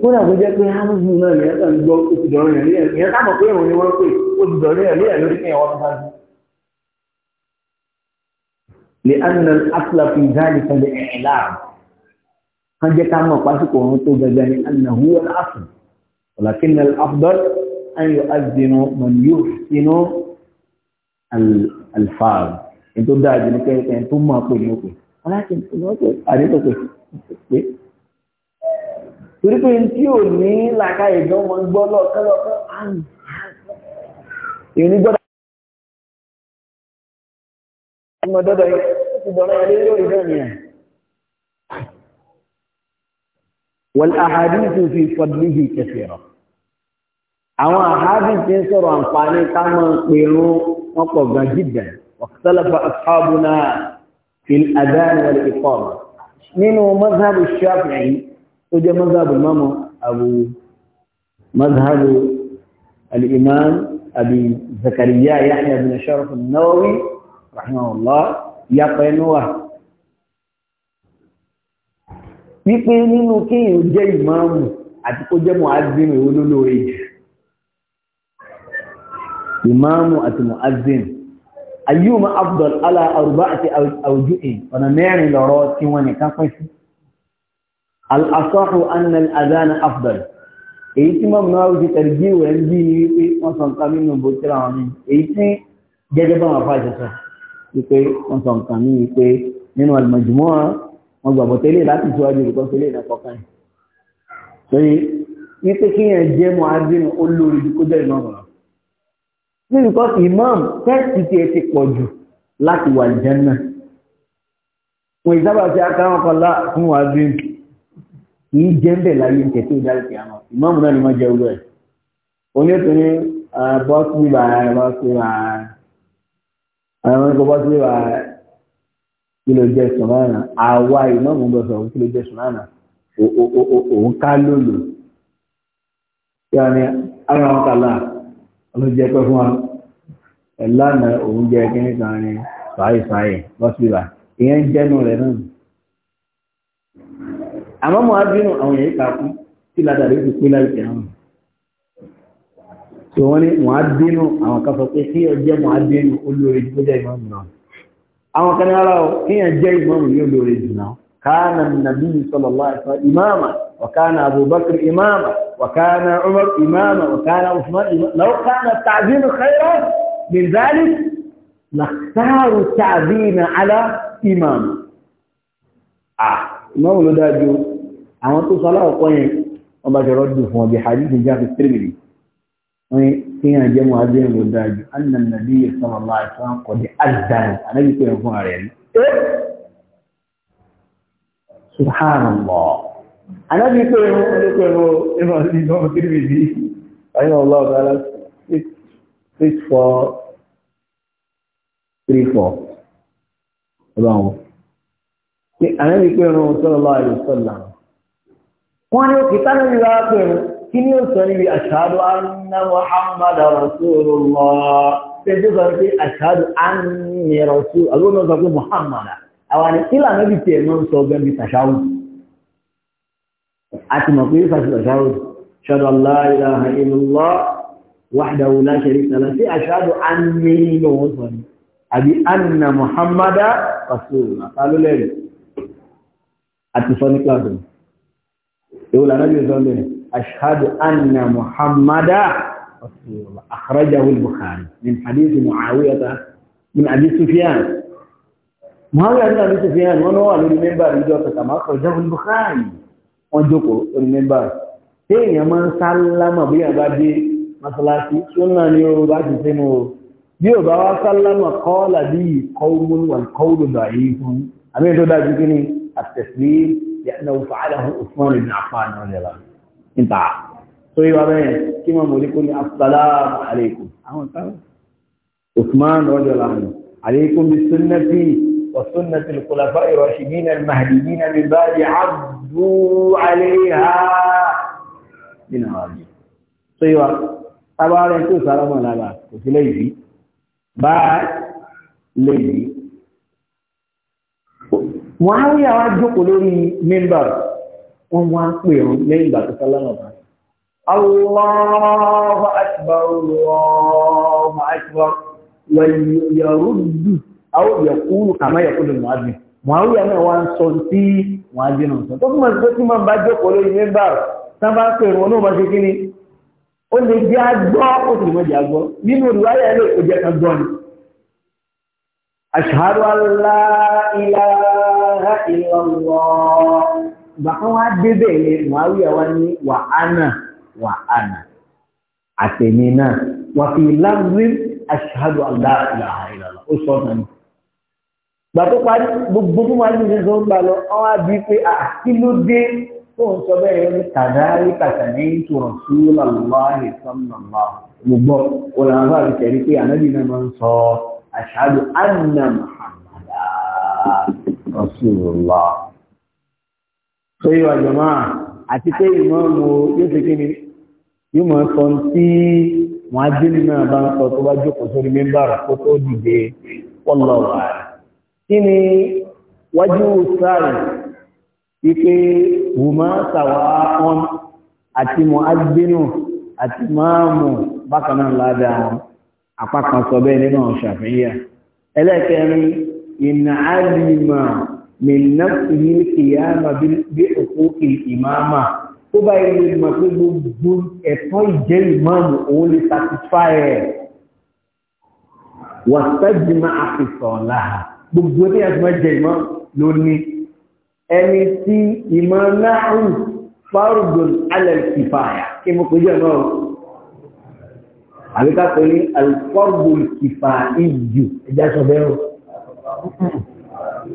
[SPEAKER 2] kódà tó jẹ́ pé hamilton náà lè ẹ̀ka ń gbọ́ ó ti dọ̀rọ̀ yẹn lẹ́yìn ìyẹn sábà pé òun ni wọ́n pè ó ti dọ̀rọ̀ yẹn lẹ́yìn lórí kẹ́yìn wọ́n fájú. lè anna asla fi dáàlì kan lè ẹ̀ẹ́ láàrú kan jẹ́ ká mọ̀ pásítọ̀ òun tó gẹ́gẹ́ ní anna huwa al-asl walakin al أن يؤذن من يحسن الفاظ إن تدعي لك أن ثم أقول لك ولكن أريد أقول
[SPEAKER 1] torí pé tí ò ní làkà ìdán wọn gbọ́ lọ́kọ́lọ́kọ́ àmì ìrìn gbọ́dọ̀ ọmọ dọ́dọ̀ ìgbọ̀nà ilé lórí náà ni ẹ̀ wọ́n
[SPEAKER 2] àhàdí tó fi fọdúlé yìí kẹfẹ́ rọ̀ àwọn àhábì tí ń sọ̀rọ̀ àǹfààní ká máa ń pèrún wọn pọ̀ gan jìdà ọ̀kọ̀tọ́lọ́fà àfáàbùnà fil adhan wal iqama nínú mazhabu shafi'i tó jẹ́ mazhabu mọ́mọ́ abu mazhabu al-imam abi zakariya yahya bin sharaf an-nawawi rahimahullah ya wa wípé nínú kéèyàn jẹ́ ìmáàmù àti kó jẹ́ mọ̀ á dín ìwọ́n lórí jù ìmáàmù àti mu'azzin ayyuma afdal ala arba'ati awju'in ọ̀nà mẹ́rin lọ́rọ̀ tí wọ́n nìkan pín sí al-asahu anna al-adhana afdal èyí tí mọ́mù náà ti tẹ̀lé wẹ̀ ń bí ní wípé wọ́n sọ nǹkan nínú bó tíra wọn ní èyí tí gẹ́gẹ́ bá wọn fàṣẹ sọ wípé wọ́n sọ nǹkan ní wípé nínú al-majmu'a wọn gbàgbọ́ tẹ́lẹ̀ láti síwájú ìrùkọ́ tẹ́lẹ̀ ìdàkọ́kàn yìí. sọ́yìn wípé kíyàn jẹ́ mọ́ adínú olórí kó jẹ́ ìmọ̀ràn ní because imam tẹ́sì tiẹ̀ ti pọ̀ jù láti wà jẹ́nà wọ́n ìsábà ti akáwọn kọlá fún wa bí kìí jẹ́ ń bẹ̀ láyé ń tẹ̀sí ìdárí ti àwọn imam náà ni wọ́n jẹ́ ogun ẹ̀ onítò ní bọ́ọ̀sì bíbà bọ́ọ̀sì bíbà àwọn ikọ̀ bọ́ọ̀sì bíbà kí ló jẹ́ sùn lánàá àwa imam gbọ́dọ̀ sọ̀rọ̀ kí ló jẹ́ sùn lánàá òun ká lòlò yàrá ni akáwọn kọlá ọlọ́jẹ́ pẹ́ fún wa ẹ̀lànà oúnjẹ kínní kan ní fàáyìfàáyì lọ́sílà ìyẹn jẹ́nu rẹ̀ náà àmọ́ mọ́ abínú àwọn èyí kàkú tí ládàrí ti pé láì tẹ̀ náà tí wọ́n ní mọ́ abínú àwọn kan sọ pé kí ọjẹ́ mọ́ abínú olóore jù jẹ́ ìmọ̀ náà àwọn kan ní ara ọ kí yẹn jẹ́ ìmọ̀ yóò lóore jù náà káà nàbí sọlọ́lá ẹ̀fọ́ ìmáàmà وكان أبو بكر إماما وكان عمر إماما وكان عثمان إماما لو كان التعظيم خيرا من ذلك نختار التعظيم على إمام آه ما هو لدادي أما تصلى وقوين أما جرد فما بحديث جاء في الترمذي وين كنا جمع هذين لدادي أن النبي صلى الله عليه وسلم قد أذن أنا جيت يقول عليه إيه؟ سبحان الله Ànábì pé ẹ̀rọ olóko ẹ̀rọ ẹ̀rọ ìlú ọmọ kiri bìbí ayé ọlọ́ọ̀dọ́ ara six four three four ọlọ́run. pé ẹ̀rọ sallallahu Wọ́n ní òkè tánà ní ẹ̀rọ kí ó sọ níbi anna sọ pé àlọ́ pé Muhammad. Àwọn náà sọ gẹ́gẹ́ àti mọ̀ pé fásitì ọ̀ṣáwò ṣọ́dọ̀ aláìláha ìlúlọ́ wàhdáwò láṣẹ̀rí tàbí sí aṣáàdù ánì lòun sọ ni àbí anna muhammada rasulullah tálólẹ́rì àti sọ ní kíláàsì ìwò lànàbí ìsọ́lẹ̀ aṣáàdù anna muhammada rasulullah akhrajahu al-bukhari min hadith wà lórí mẹ́mbà ìjọ kàtàmà akhrajahu al-bukhari wọ́n jókòó orí mẹ́bà tí èèyàn máa ń sálámà bí yàrá dé masalasi ṣúnà ní o bá ti sínú o bí o bá wá sálámà kọ́ọ̀là bí kọ́ọ̀mùn wà kọ́ọ̀lù báyìí fún àmì tó dájú kí ni àtẹ̀sí yàtọ̀ fàádà fún òfin rẹ̀ ní apá àná rẹ̀ la níta tó yíwa bẹ́ẹ̀ kí máa mọ̀lé kó ní asàlámù alaykum àwọn sáà Usman rọ́jọ́ làwọn alaykum bí sunnati وسنة الخلفاء الراشدين المهديين من بعد عبدوا عليها بالنواجذ طيب طبعا انتو سلام على وفي ليبي بعد ليبي Muawiya wá jókòó lórí mímbà wọn wá ń pè ọ́n lẹ́yìn ìgbà tó sálámà bá. Allahu akbar, Allahu akbar, wal yaruddu àwọn yẹ̀kúrú kàmá yẹ̀kúrú mọ́àdùn mọ́àwíyà náà wá ń sọ tí mọ́àdùn sọ tó túnmọ̀ sí pé tí máa bá jókòó lórí mẹ́bà sábà ń pè wọn náà ṣe kí ni ó lè jẹ́ agbọ́ ó sì lè mọ́ jẹ́ agbọ́ nínú ìwáyà ẹ̀ lè jẹ́ kan gbọ́ ni. ashhadu an ilaha illallah ìgbà kan wá débẹ̀ yẹn mọ́àwíyà wá ní wà á àtẹ̀mí náà wà fi lágbé ashhadu an la ilaha illallah ó gbàtó parí gbogbo tó máa ń ṣe tó ń gbà lọ wọn á bíi pé à kí ló dé tó ń sọ bẹ́ẹ̀ yẹn kàdárí kàtàní tó rọ̀ sí lọ́láhì sọ́nàmà gbogbo olùrànlọ́wọ́ àti tẹ̀rí pé ànábì náà máa ń sọ àṣàdù anna muhammadu rasulullah. tó yọ àjọmọ́ àti pé ìmọ̀ mo yóò ṣe kí ni yóò máa sọ tí wọn á dé nínú àbá ń sọ tó bá jókòó sórí mẹ́mbàrà kó tó dìde wọ́n kí ni wájú sáré wípé wùmá sàwà wọn àti mọ agbínú àti máàmù bákan náà ládàá wọn apá kan sọ bẹ́ẹ̀ nínú ṣàfihàn ẹlẹ́kẹrin ìnà àlìmà mìnàfì ní kìyàmà bí òkú ìmáàmà tó bá ilé ìmọ̀ pé gbogbo ẹ̀tọ́ ìjẹ́ ìmáàmù òun lè satisfy ẹ̀ wàtẹ́jìmọ̀ àfisọ̀ láhàá gbogbo tí ẹ̀sùn ẹ̀jẹ̀ ìmọ̀ ló ní ẹni tí ìmọ̀ náàrù fárùgbòn alẹ́kìfàyà kí mo pèjọ náà àbíká pé ní alẹ́fọ́gbòn kìfà ìjù ẹjá sọ bẹ́ẹ̀ o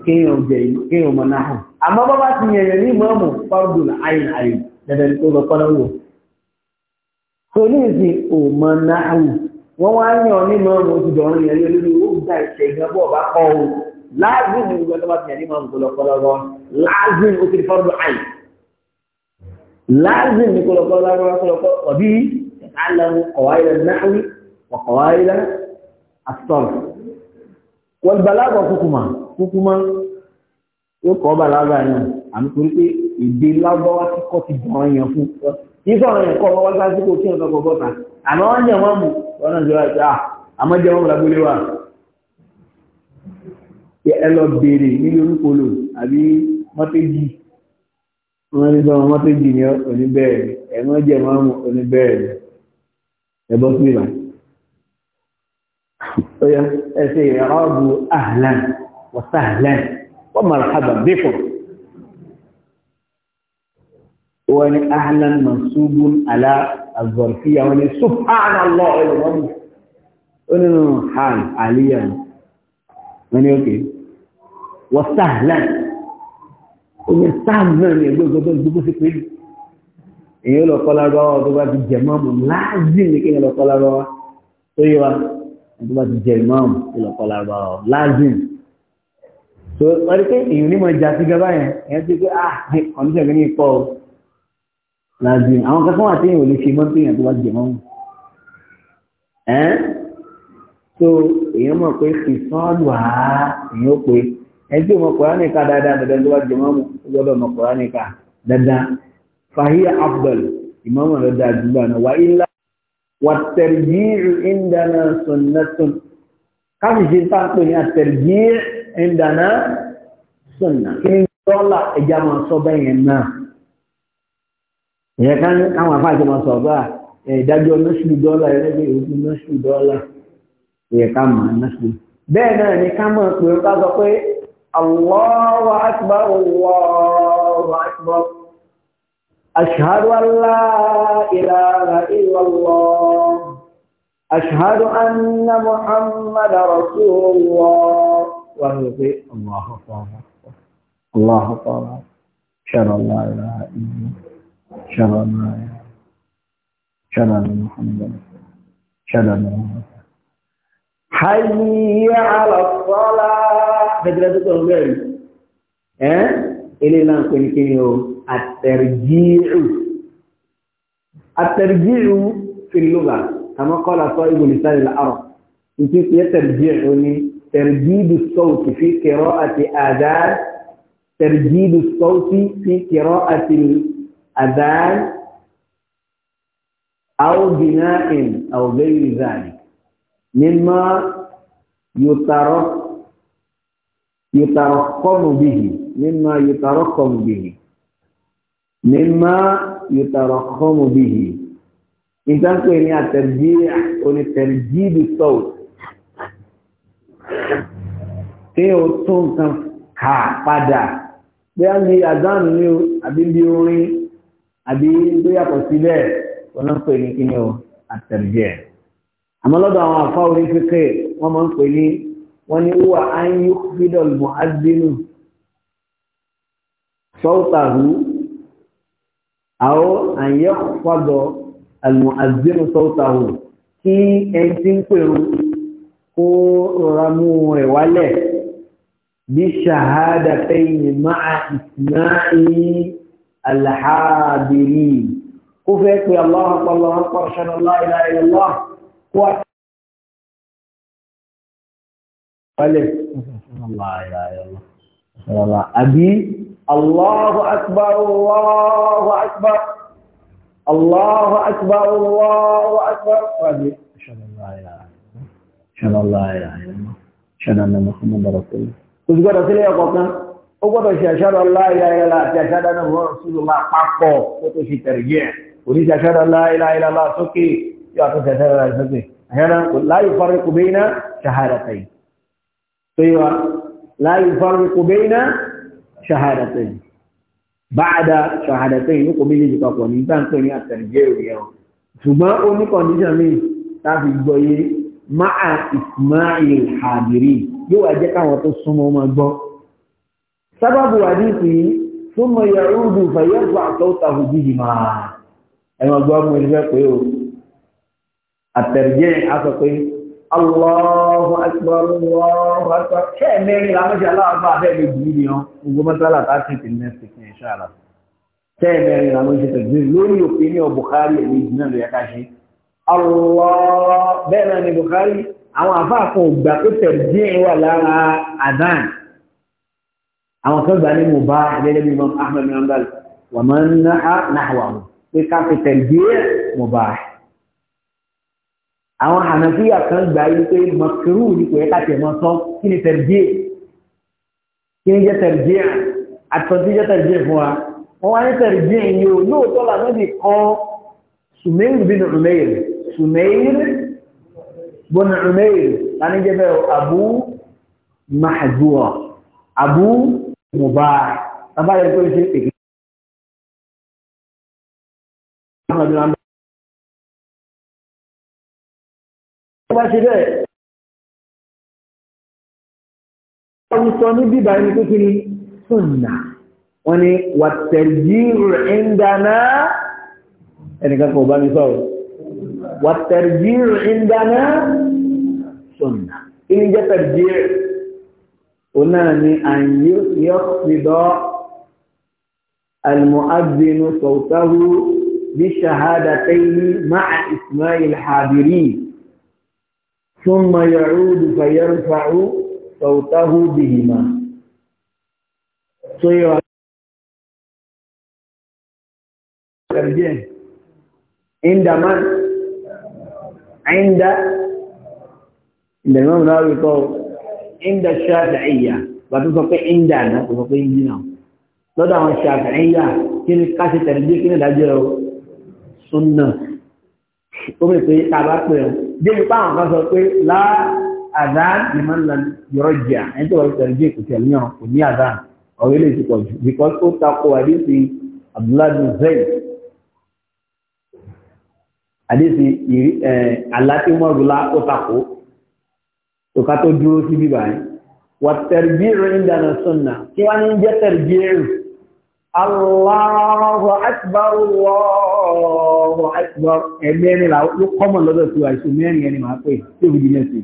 [SPEAKER 2] kéèyàn jẹ kéèyàn mọ̀ náàrù àmọ́ bá bá ti yẹ̀yẹ̀ ní ìmọ̀ọ́mù fárùgbòn àyìn àyìn dandan tó lọ kọ́ lọ́wọ́ gba ìṣẹ̀ ìgbà bọ̀ bá kọ́ o láàzìm ní gbogbo ẹgbẹ́ bá ti yàn ní màmú kọlọkọlọrọ láàzìm ó ti di fọ́ọ̀dù àì láàzìm ní kọlọkọlọrọ kọlọkọ ọ̀bí alamu kọ̀wáyé náàwí kọ̀wáyé asọ̀rọ̀ wọ́n balagọ̀ kúkúmà kúkúmà yóò kọ́ balagọ̀ yẹn àmì torí pé èdè lágbọ́wá tí kọ́ ti dùn ọ̀yàn fún yíṣọ́ ọ̀rọ̀ yẹn kọ́ ọ̀wá sásìkò kí ọ̀gá gbọ́ bọ́ta àmọ́ wọ́n jẹ́ wọn mú wọn náà jẹ́ wọn mú lágbólé wa pé ẹ lọ béèrè nílé orúkọ lò àbí mọ́tẹ́jì wọ́n ní sọ́wọ́n mọ́tẹ́jì ní oníbẹ̀rẹ̀ ẹ̀wọ́n jẹ́ mọ́mú oníbẹ̀rẹ̀ ẹ̀bọ́ sí ìlà. ó yẹ ẹsẹ̀ ìrọ́bù ahlan wa sahlan wa marhaban bikum. wọ́n ní ahlan mansubun ala azọ̀rọ̀fíà wọ́n ní subhanallah ọ̀rọ̀ wọn. ó nínú hàn àlíyàn wọ́n ní òkè. Okay wọ́n sáàlá omi sáàlá ni ẹgbẹ́ gbogbo gbogbo sí pé èyí lọ kọ́ lára wa tó bá ti jẹ mọ́ọ̀mù láàzì ní kí ni lọ kọ́ lára wa tó yẹ wa tó bá ti jẹ mọ́ọ̀mù kí lọ kọ́ lára wa láàzì so wọ́n rí pé èyí ní mo jà sí gaba yẹn ẹ̀yẹ́ ti pé ah kọ̀ǹtẹ̀ mi ní ìpọ̀ o láàzì àwọn kankan wà tí èyí ò lè ṣe mọ́tò yẹn tó bá ti jẹ mọ́ọ̀mù ẹ́ so èyí mọ̀ pé kìsọ́ọ̀lù àá èyí ó pe ẹni tí ó mọ kùránì ká dáadáa dandan tó bá jẹ mọ́mù ó gbọ́dọ̀ mọ kùránì ká dandan fàhíyà afdal ìmọ̀mù ló dáa jù lọ́nà wà ilá wà tẹ̀rìjìrì ìndànà sunnatun káfíṣe sáńpé ní àtẹ̀rìjìrì ìndànà sunna kí ni dọ́là ẹja máa sọ bẹ́ẹ̀ yẹn náà ìyẹn kan àwọn afáàjọ máa sọ bá ìdájọ́ nọ́ṣù dọ́là ẹlẹ́gbẹ̀ẹ́ ìwé nọ́ṣù dọ́là ìyẹn ká máa nọ́ṣù bẹ́ẹ̀ náà ni ká máa pè é ká pé الله أكبر الله أكبر أشهد أن لا إله إلا الله أشهد أن محمد رسول الله وهو في الله أكبر الله أكبر أشهد أن لا إله إلا الله أشهد أن لا إله أشهد أن محمدا أشهد حي على الصلاة fẹ́tẹ́lẹ́ tó tọ̀rọ̀ bẹ́ẹ̀ rí ẹ́ ilé náà pè ní kíni o àtẹ̀rìjíìrù àtẹ̀rìjíìrù fìlúgà àmọ́ kọ́lá sọ ibùn ìsáyẹ̀ làárọ̀ nítorí pé tẹ̀rìjíìrù ni sọ́ọ̀tì fi kẹ̀rọ àti àdáyé ترجيد الصوت في قراءة الأذان أو بناء أو غير ذلك مما يترك yutarakkamu bihi mimma yutarakkamu bihi mimma yutarakkamu bihi ìdánkò ní ini onítẹ̀jí bí sọ́ọ̀ tí ó tún kan kà padà bí a ní àdánù ní àbí bí orin àbí tó yàtọ̀ sílẹ̀ wọn ń pè ní kí ni ó àtẹ̀jí ẹ̀ àmọ́ lọ́dọ̀ àwọn àfáwọn orí kékeré wọ́n máa wọ́n ní wà á ń yí fídọ̀l mọ́ádínù sọ́ọ̀tàrú àwọn àyẹ́ fọ́dọ̀ almọ́ádínù sọ́ọ̀tàrú kí ẹni tí ń pèrún kó rọra mú rẹ̀ wálẹ̀ bí ṣàhádà fẹ́yìn máa ìsìnáì alhábìrì
[SPEAKER 1] kó fẹ́ pé aláhàpàlọ́ الله اكبر الله لا إله إلا الله أبي الله أكبر الله أكبر
[SPEAKER 2] الله أكبر الله أكبر أبي أشهد أن لا إله إلا الله أشهد أن لا إله إلا الله أشهد أن محمدا رسول الله أذكر رسول الله قلنا أقول أشهد أن لا إله إلا الله أشهد أن هو رسول الله حقه وتشي ترجع قولي أشهد أن لا إله إلا الله سكي يا أخي أشهد أن لا إله إلا الله أشهد أن لا يفرق بين شهادتين طيب لا يفرق بين شهادتين بعد شهادتين kò méjèèjì papọ̀ ní bá ń pè ní àtẹ̀jẹ́ òye ọ̀ ṣùgbọ́n ó ní kọ̀ǹdíṣàn mi láti gbọ́ yé máa ismail hadiri yóò wá jẹ́ káwọn tó súnmọ́ ọmọ gbọ́ sábàbù àdìsí súnmọ́ yahudu fàyẹ́fà àtọ́ta òjijì máa ẹ̀wọ̀n gbọ́ mo ṣe fẹ́ pé o àtẹ̀jẹ́ á sọ pé Allahu akbar Allahu akbar kẹ́ẹ̀mẹ́rin lámọ́ṣẹ́ aláàbá àbẹ́gbẹ̀ jù ní ọ ogun mọ́sálà tàbí ti nẹ́sì ní ṣára kẹ́ẹ̀mẹ́rin lámọ́ṣẹ́ tẹ̀gbẹ̀ lórí òfin ní ọ̀bùkárí èyí jìnà lóyẹ káṣe bẹ́ẹ̀ ni Bukhari àwọn àfáàkùn ògbà tó tẹ̀gbẹ̀ wà lára adán àwọn kan gbà ní mo bá gẹ́gẹ́ bí Imam Ahmed nambal wà máa ń náà náà wà pé ká fi tẹ̀gbẹ̀ mo bá àwọn hànàfíà kan gbà yí pé mọ̀kìrú ní kò yẹ ká tẹ̀ mọ́ sọ kí ni tẹ̀rìjì kí ni jẹ́ tẹ̀rìjì àtọ̀tí jẹ́ tẹ̀rìjì fún wa wọ́n wá ní tẹ̀rìjì yìí o lóòótọ́ làwọn ti kọ́ sùmẹ́yìn bí nù sùmẹ́yìn
[SPEAKER 1] bọ́n ọ̀mẹ́yìn láti jẹ́ bẹ́ẹ̀ àbú mahajúwa àbú mubarak bàbá tó ń ṣe èkìtì. bá ṣe bẹ́ẹ̀ wọ́n sọ ní bíbá ẹni tó kí ni sunna wọ́n ni wàtẹ̀jì rẹ̀ ń dáná
[SPEAKER 2] ẹnìkan kan ò bá mi sọ̀rọ̀ wàtẹ̀jì rẹ̀ ń dáná sunna kí jẹ́ tẹ̀jì rẹ̀ òun náà ni àyè yọ̀ọ̀sìdọ́ المؤذن صوته بالشهادتين مع إسماعيل الحاضرين
[SPEAKER 1] ثم يعود فيرفع صوته بهما صيغة ترجمة عند من عند عند
[SPEAKER 2] الإمام النووي قول عند الشافعية وتفقي عندنا تفقي عندنا لدى الشافعية كل قاسي ترجمة كل دجرة سنة قبل طريقة بقى débi páwọn kan sọ pé lá àdán ni máa ń lọ yọrọ jìyà ẹni tó wà lóṣèlú jẹ́ kò tẹ̀lé yàn kò ní àdán ọ̀rọ̀ ilé ìsìnkọ̀ jù because ó takò àdéhùn abdullahi zayn àdéhùn aláàtìmọ́rùlá ó takò tó ká tó dúró sí bíbá yẹn wà tẹ̀rẹ̀bí rẹ̀ ń dáná sọ́nà kí wọ́n ń jẹ́ tẹ̀rẹ̀bí rẹ̀ Allahu akbar Allahu akbar ẹgbẹ́ ni làwọn ló kọ́mọ̀ lọ́dọ̀ tí wà ìṣù mẹ́rin ẹni máa pè tí òun di nẹ́sì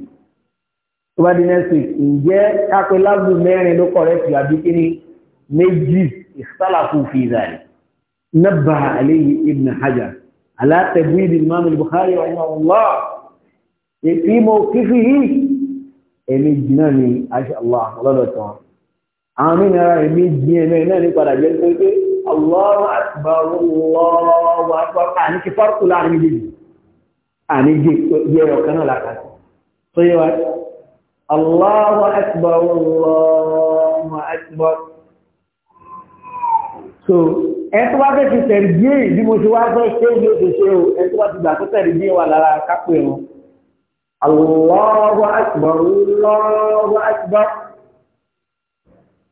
[SPEAKER 2] tó bá di nẹ́sì ǹjẹ́ kápẹ́ lágùn mẹ́rin ló kọ̀ rẹ̀ tì àbí kí ni méjì ìsálàfù fi ìdàrí nàbà àléyìn ibn hajar alátẹ̀bú ibi imam bukhari rahimahullah ètí mo kífi yìí ẹ̀mí jìnnà ni aṣọ allah lọ́dọ̀ tán àwọn mìíràn ẹ̀mí jí ẹ̀mẹ́ náà ní padà jẹ́ pé pé Allahu akbar Allahu akbar àní kí fárúkú láàrin méjèèjì àní jẹ́ ọ̀kan náà lákàtà tó yẹ wá Allahu akbar Allahu akbar so ẹ̀tọ́ wá fẹ́ ti tẹ̀rí díẹ̀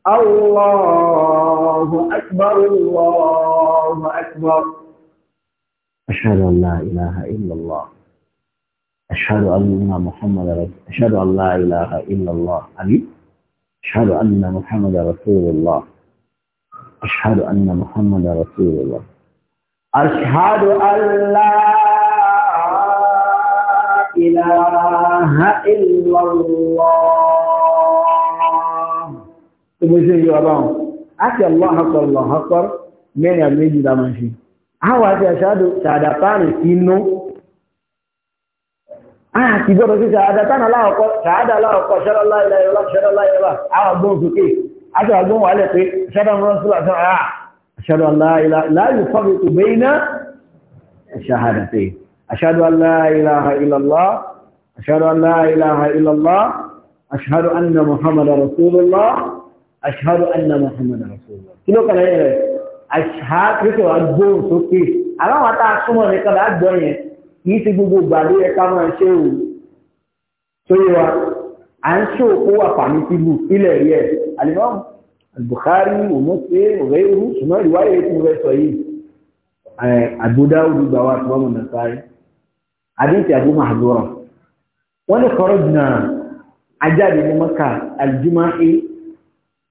[SPEAKER 2] الله أكبر الله أكبر أشهد أن لا إله إلا الله أشهد أن محمد رسول أشهد أن لا إله إلا الله علي أشهد أن محمد رسول الله أشهد أن محمد رسول الله أشهد أن لا إله إلا الله gbogbo ṣe ń yọra báwọn àti allah akbar allah akbar mẹ́rin àti méjì la máa ń ṣe àwọn àti àṣàdù ṣàdàpáàrì inú àti gbọ́dọ̀ sí ṣàdàpáàrì aláwọ̀kọ́ ṣàdà aláwọ̀kọ́ ṣẹ́lọ́lá ilẹ̀ ìrọ̀lá ṣẹ́lọ́lá ìrọ̀lá àwọn agbóhùn sókè àti agbóhùn wálẹ̀ pé ṣẹ́lọ́ rọ́ṣùlá sọ́ra ṣẹ́lọ́lá ilẹ̀ láyé fọ́bí kò bẹ́ iná الشهادتين أشهد أن لا إله إلا الله أشهد أن لا إله إلا الله أشهد أن محمد رسول الله ashhadu anna muhammadan rasulullah kí ló kàlẹ́ rẹ̀ ashhadu kíkẹ́ wàá gbóhùn sókè àwọn àtà súnmọ́ nìkan láà gbọ́ yẹn kì í ti gbogbo ìgbà ló yẹ ká máa ṣe o tó yẹ wa à ń ṣe òkú wà pàmí sí bù ilẹ̀ rí ẹ̀ alimam al-bukhari omose oreiru ṣùgbọ́n ìwáyé ètò rẹ̀ sọ yìí àgbódáwòdì gbà wá tí wọ́n mọ̀ náà sáré àdéhùn àbú mahadura wọ́n lè kọ́rọ̀ jìnnà ajáde ní mọ́kà aljumai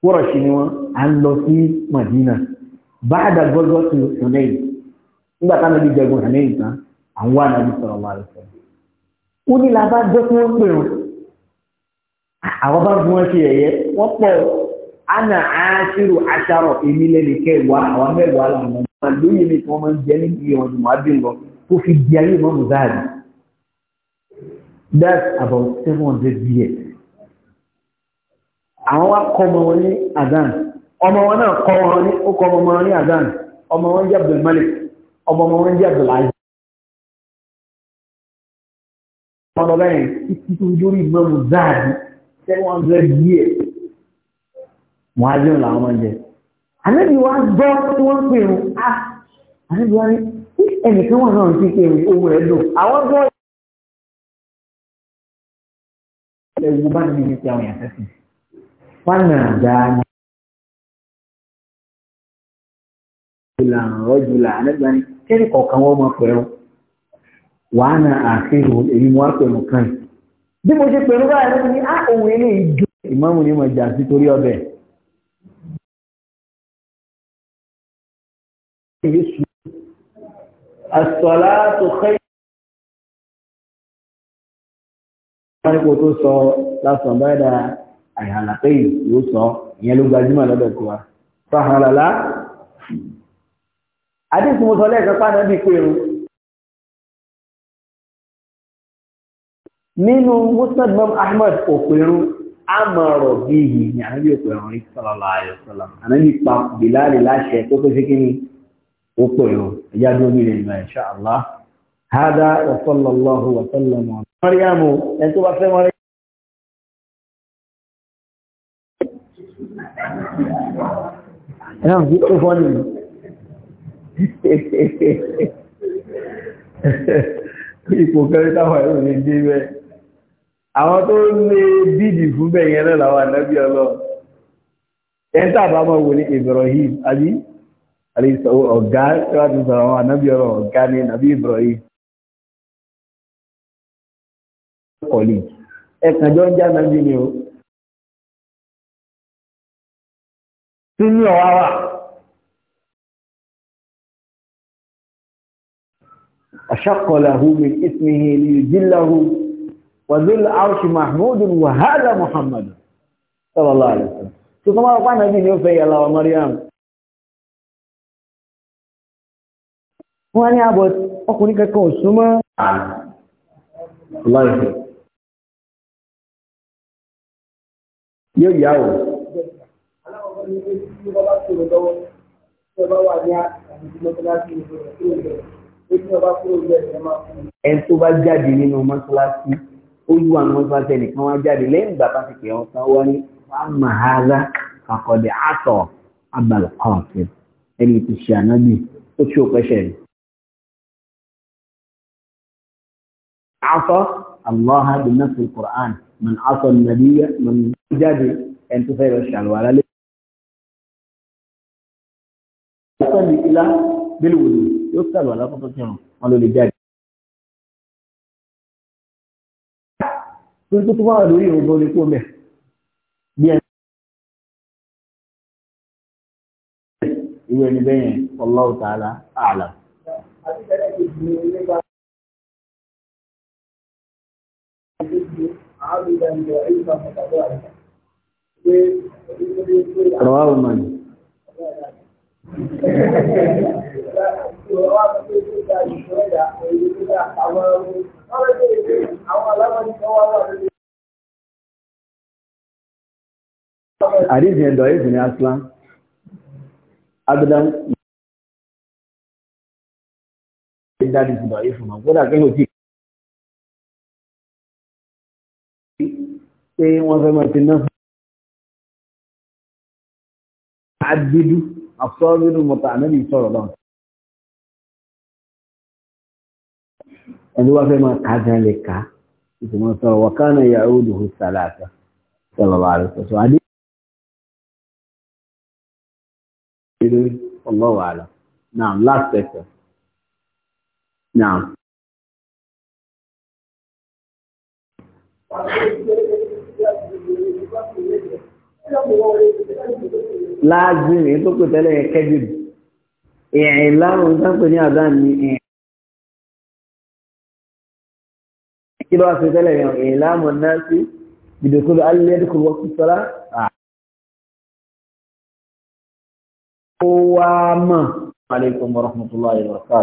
[SPEAKER 2] kúrọ̀ṣì ni wọ́n à ń lọ sí Madina báàdà gbọ́dọ̀ tó ṣọlẹ́yìn nígbà táwọn ibi jẹgun ṣọlẹ́yìn tán àwọn ànábi sọ̀rọ̀ wà lọ́sọ̀ ó ní la bá gbé kí wọ́n pè wọ́n àwọn bá fi wọ́n ṣe ẹ̀yẹ wọ́n pọ̀ ana aṣírò aṣárọ̀ èmi lẹ́nu kẹwàá àwọn mẹ́wàá làwọn ọmọ lóye mi tí wọ́n máa ń jẹ níbi ìwọ̀n ìmọ̀ abẹ́ lọ tó fi di ayé mọ́ mùsáàdì that's about seven hundred years àwọn wá kọ ọmọ wọn ní àdán
[SPEAKER 1] ọmọ wọn náà kọ wọn ní ó kọ ọmọ wọn ní àdán ọmọ wọn jẹ́ Abdul Malik ọmọ wọn jẹ́ Abdul Aziz ọmọ bẹ́ẹ̀ títí tó lórí ìmọ̀mù záàdì seven hundred years wọ́n á jẹun làwọn máa ń jẹ àlejò wa gbọ́ tí wọ́n pè ń á àlejò wa ní ẹnìkan wà náà ti pè ohun rẹ̀ dùn àwọn gbọ́ ẹ̀wù bá nínú ìpè àwọn yàtọ̀ sí i fanadani jula rọjula anagba ni kẹ́ni kọ̀ọ̀kan wọ́n máa pẹ̀rù wàá na àfihàn èyí wọ́n á pẹ̀rù kan yìí bí mo ṣe pẹ̀rù báyìí lọ́wọ́ ni á òun eléyìí ju ìmáàmù ni mo jà sí torí ọbẹ̀. As-salatu khayr wọ́n ní kò tó sọ lásán báyìí dáa àìhàlàpẹ́yì yóò sọ ìyẹn ló gbajúmọ̀ lọ́dọ̀ tiwa fàhàlàlá àdéhùn mo sọ lẹ́ẹ̀kan pàdé bíi pé irun nínú musnad imam ahmed òpèrún àmọ̀rọ̀ bíi ìyìn ànábì òpèrún rí sallallahu
[SPEAKER 2] alaihi wasallam ànábì pa bìláàlì láṣẹ tó tó ṣe kí ni òpèrún ẹ̀yà dúró nílẹ̀
[SPEAKER 1] ìgbà insha Allah hada wa sallallahu wa sallam mariamu ẹni tó bá fẹ́ ẹ̀rọ bí tó fọ́ nìyí
[SPEAKER 2] ipò kẹrin táwọn ẹ̀rọ lè dé bẹ́ẹ̀ àwọn tó lè bídì fún bẹ́ẹ̀ yẹn náà làwọn ànábì ọlọ́run ẹ̀ńtà bá máa wò ní Ibrahim àbí ọ̀gá láti sọ̀rọ̀ àwọn ànábì ọlọ́run
[SPEAKER 1] ọ̀gá ní nàbí Ibrahim kọ̀lì ẹ̀kànjọ́ ń já nàbí ni o. sínú ọ̀wá wà. أشق له من اسمه ليذله وذل عرش محمود وهذا محمد صلى الله عليه وسلم tó tó máa pàánà bí ní ó fẹ́ yà láwọ Mariam wọ́n ní àbọ̀ ọkùnrin kẹ́kọ̀ọ́ súnmọ́ láìpẹ́ yóò yáwó ní pé tí wọ́n bá kúrò lọ́wọ́ tí wọ́n bá wà ní mọ́ṣáláṣí
[SPEAKER 2] ìṣòro kúrò bẹ̀rẹ̀ pé tí wọ́n bá kúrò bẹ̀rẹ̀ ẹ máa fún un. ẹni tó bá jáde nínú mọ́ṣáláṣí ó yí wà ní ẹnìkan wá jáde lẹ́yìn ìgbà bá ti pè ọ́ sá wọ́n ní fáàmà ara
[SPEAKER 1] àtọ̀ abàlọ̀ kọ̀ọ̀tì ẹni tó ṣe ànábì ó ṣe òpẹ́ṣẹ̀ rẹ̀. عصى الله بنص القرآن من عصى النبي من جاد أن تفعل الشعر ولا ìsọ̀lì ìlà bẹ́lẹ̀ wòlò yóò sàlù alákọ̀ọ́kọ́ kírun wọn ló lè jáde. torí tó tó wà lórí ìrùn gan lè kó mẹ́ bí ẹni. ìwé ẹni bẹ́yẹn Allahu ta'ala a'lam. رواه من Àdíjì ẹ̀dọ̀ ìfì ni Aslan, Agbẹ́dán ìdájí ti dọ̀ ìfì mọ̀, kódà kí ní òtí pé wọ́n fẹ́ mọ̀ ti náà. Àdídú. الصابر المطعم يصرفان عندما فيما كذلك ثم صلى وكان يعوده الثلاثة صلى الله عليه وسلم الله أعلم نعم لا question نعم láàzìm èyí tó pè tẹ́lẹ̀ yẹn kẹ́jìm ìrìn lárùn sáńpé ní àdán ní ìrìn kí ló wá sí tẹ́lẹ̀ yẹn ìrìn láàmù náà sí ìdókòlò alẹ́dẹ́kọ̀ọ́ wọ́n kú sọ́lá